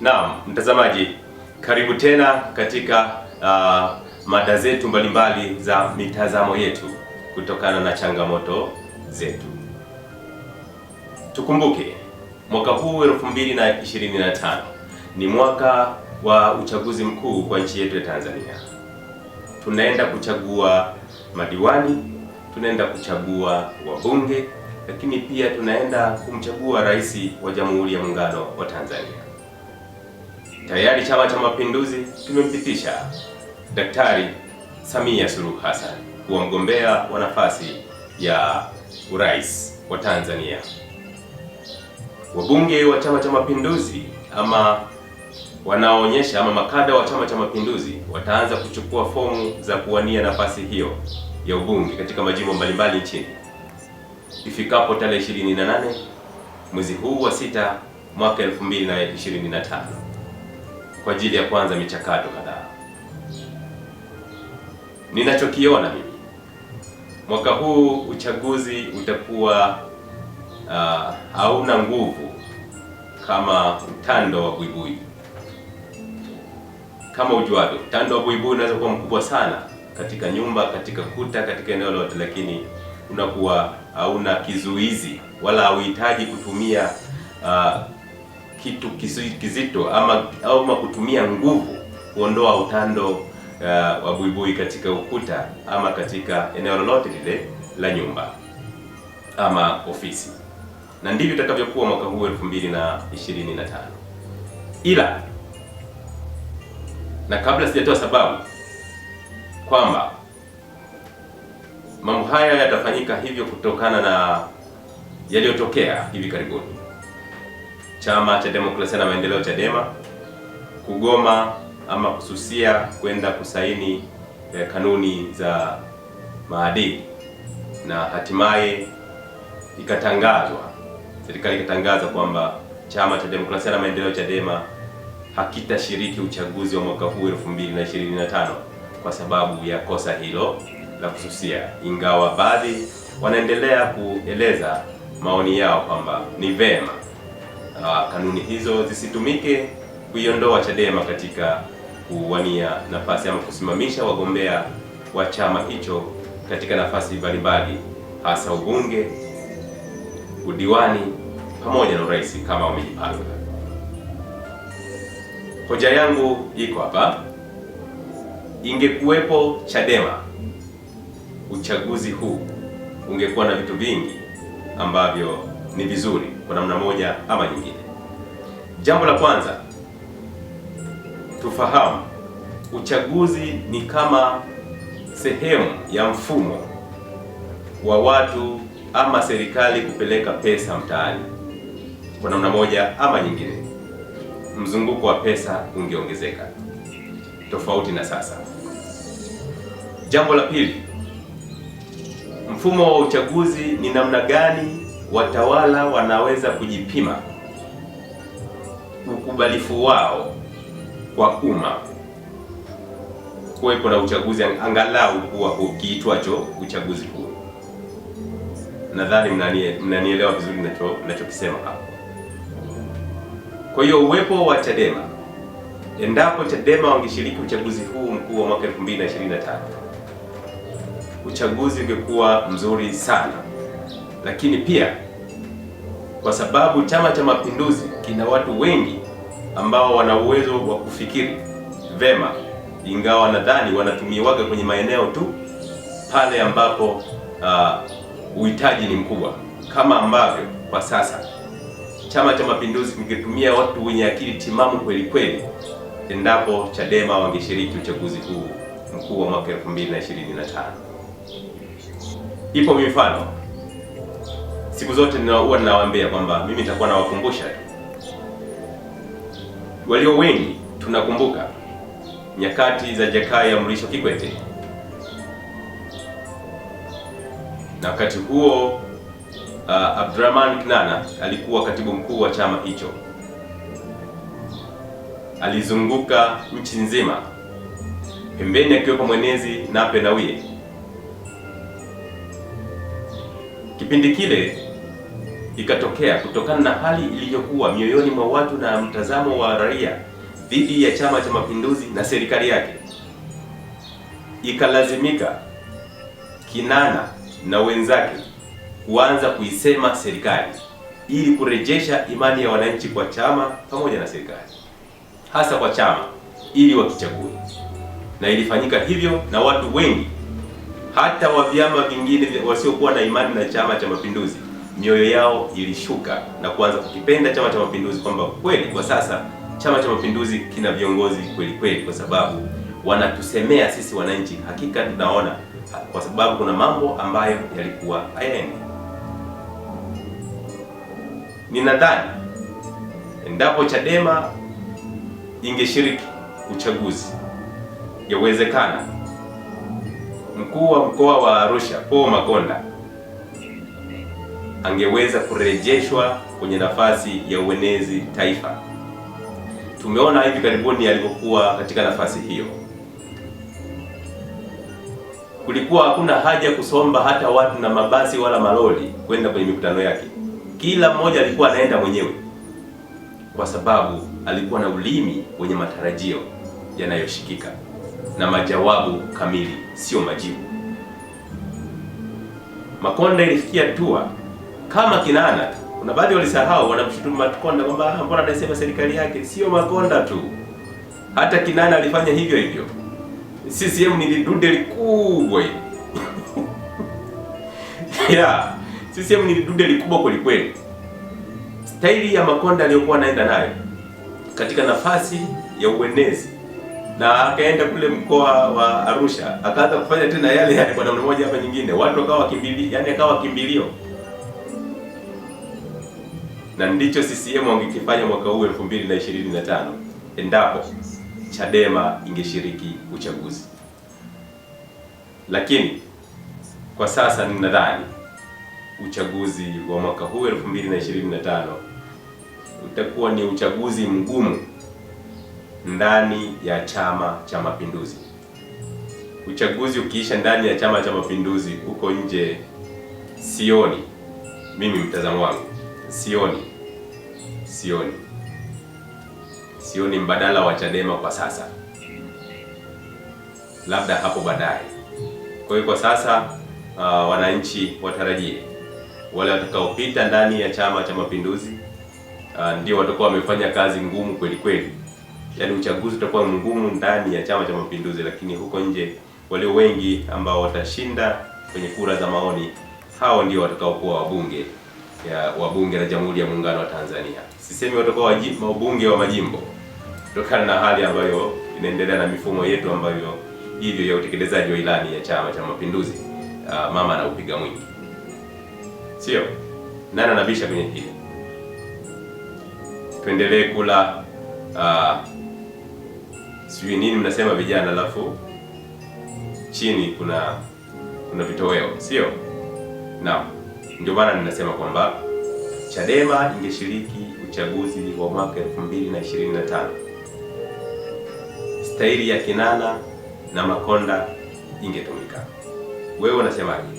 Naam, mtazamaji, karibu tena katika uh, mada zetu mbalimbali za mitazamo yetu kutokana na changamoto zetu. Tukumbuke mwaka huu 2025 ni mwaka wa uchaguzi mkuu kwa nchi yetu ya Tanzania. Tunaenda kuchagua madiwani, tunaenda kuchagua wabunge, lakini pia tunaenda kumchagua rais wa Jamhuri ya Muungano wa Tanzania. Tayari Chama cha Mapinduzi kimempitisha Daktari Samia Suluhu Hassan kuwa mgombea wa nafasi ya urais wa Tanzania. Wabunge wa Chama cha Mapinduzi ama wanaoonyesha ama makada wa Chama cha Mapinduzi wataanza kuchukua fomu za kuwania nafasi hiyo ya ubunge katika majimbo mbalimbali nchini ifikapo tarehe 28 mwezi huu wa sita mwaka 2025 kwa ajili ya kuanza michakato kadhaa. Ninachokiona mimi mwaka huu uchaguzi utakuwa uh, hauna nguvu kama utando wa buibui. Kama ujuavyo, utando wa buibui unaweza kuwa mkubwa sana katika nyumba, katika kuta, katika eneo lote, lakini unakuwa hauna kizuizi wala hauhitaji kutumia uh, kitu kizito ama, ama kutumia nguvu kuondoa utando uh, wa buibui katika ukuta ama katika eneo lolote lile la nyumba ama ofisi, na ndivyo itakavyokuwa mwaka huu 2025. Ila na kabla sijatoa sababu kwamba mambo haya yatafanyika hivyo kutokana na yaliyotokea hivi karibuni Chama cha Demokrasia na Maendeleo Chadema kugoma ama kususia kwenda kusaini eh, kanuni za maadili na hatimaye ikatangazwa, serikali ikatangaza kwamba chama cha Demokrasia na Maendeleo Chadema hakitashiriki uchaguzi wa mwaka huu 2025 kwa sababu ya kosa hilo la kususia, ingawa baadhi wanaendelea kueleza maoni yao kwamba ni vema uh, kanuni hizo zisitumike kuiondoa Chadema katika kuwania nafasi ama kusimamisha wagombea wa chama hicho katika nafasi mbalimbali hasa ubunge, udiwani pamoja na urais kama wamejipanga. Hoja yangu iko hapa. Ingekuwepo Chadema, uchaguzi huu ungekuwa na vitu vingi ambavyo ni vizuri kwa namna moja ama nyingine. Jambo la kwanza tufahamu, uchaguzi ni kama sehemu ya mfumo wa watu ama serikali kupeleka pesa mtaani kwa namna moja ama nyingine. Mzunguko wa pesa ungeongezeka tofauti na sasa. Jambo la pili, mfumo wa uchaguzi ni namna gani watawala wanaweza kujipima ukubalifu wao kwa umma kuwepo na uchaguzi angalau kuwa ukiitwacho uchaguzi huu. Nadhani mnanielewa vizuri ninachokisema hapo. Kwa hiyo uwepo wa Chadema, endapo Chadema wangeshiriki uchaguzi huu mkuu wa mwaka 2025 uchaguzi ungekuwa mzuri sana lakini pia kwa sababu Chama cha Mapinduzi kina watu wengi ambao wana uwezo wa kufikiri vema, ingawa nadhani wanatumiwaga kwenye maeneo tu pale ambapo uh, uhitaji ni mkubwa, kama ambavyo kwa sasa Chama cha Mapinduzi kingetumia watu wenye akili timamu kweli kweli endapo Chadema wangeshiriki uchaguzi huu mkuu wa mwaka 2025. Ipo mifano siku zote huwa ninawaambia kwamba mimi nitakuwa nawakumbusha tu. Walio wengi tunakumbuka nyakati za Jakaya Mrisho Kikwete, na wakati huo uh, Abdurahman Kinana alikuwa katibu mkuu wa chama hicho, alizunguka nchi nzima, pembeni akiwepo mwenezi Nape Nnauye. Kipindi kile ikatokea kutokana na hali iliyokuwa mioyoni mwa watu na mtazamo wa raia dhidi ya Chama cha Mapinduzi na serikali yake, ikalazimika Kinana na wenzake kuanza kuisema serikali ili kurejesha imani ya wananchi kwa chama pamoja na serikali, hasa kwa chama ili wakichague, na ilifanyika hivyo na watu wengi hata wa vyama vingine wasiokuwa na imani na Chama cha Mapinduzi mioyo yao ilishuka na kuanza kukipenda Chama cha Mapinduzi, kwamba kweli kwa sasa Chama cha Mapinduzi kina viongozi kweli kweli, kwa sababu wanatusemea sisi wananchi. Hakika tunaona kwa sababu kuna mambo ambayo yalikuwa hayaendi. Ninadhani endapo Chadema ingeshiriki uchaguzi, yawezekana mkuu wa mkoa wa Arusha Paul Makonda angeweza kurejeshwa kwenye nafasi ya uenezi taifa. Tumeona hivi karibuni alipokuwa katika nafasi hiyo. Kulikuwa hakuna haja kusomba hata watu na mabasi wala maloli kwenda kwenye mikutano yake. Kila mmoja alikuwa anaenda mwenyewe, kwa sababu alikuwa na ulimi wenye matarajio yanayoshikika na majawabu kamili, sio majibu. Makonda ilifikia hatua kama Kinana Kuna baadhi walisahau, wanamshutumu Makonda kwamba ah, mbona anaisema serikali yake. Sio Makonda tu, hata Kinana alifanya hivyo hivyo. CCM ni dude likubwa hili yeah, CCM ni dude likubwa kweli kweli. Staili ya Makonda aliyokuwa anaenda nayo katika nafasi ya uenezi na akaenda kule mkoa wa Arusha akaanza kufanya tena yale yale kwa namna moja hapa nyingine, watu wakawa wakimbilia, yani akawa kimbilio na ndicho CCM wangekifanya mwaka huu 2025 endapo Chadema ingeshiriki uchaguzi. Lakini kwa sasa ninadhani uchaguzi wa mwaka huu 2025 utakuwa ni uchaguzi mgumu ndani ya Chama cha Mapinduzi. Uchaguzi ukiisha ndani ya Chama cha Mapinduzi, huko nje sioni mimi, mtazamo wangu sioni sioni sioni mbadala wa Chadema kwa sasa, labda hapo baadaye. Kwa hiyo kwa sasa uh, wananchi watarajie wale watakaopita ndani ya Chama cha Mapinduzi uh, ndio watakuwa wamefanya kazi ngumu kweli kweli. Yaani uchaguzi utakuwa mgumu ndani ya Chama cha Mapinduzi, lakini huko nje walio wengi ambao watashinda kwenye kura za maoni, hao ndio watakaokuwa wabunge ya wabunge la Jamhuri ya Muungano wa Tanzania. Sisemi watakuwa wabunge wa majimbo kutokana na hali ambayo inaendelea na mifumo yetu ambayo hivyo ya utekelezaji wa ilani ya Chama cha Mapinduzi. Uh, mama na upiga mwingi, sio nani anabisha kwenye hili. Tuendelee kula uh, sijui nini mnasema vijana, alafu chini kuna kuna vitoweo, sio naam. Ndio maana ninasema kwamba Chadema ingeshiriki uchaguzi wa mwaka 2025 staili ya Kinana na Makonda ingetumika. Wewe unasemaje?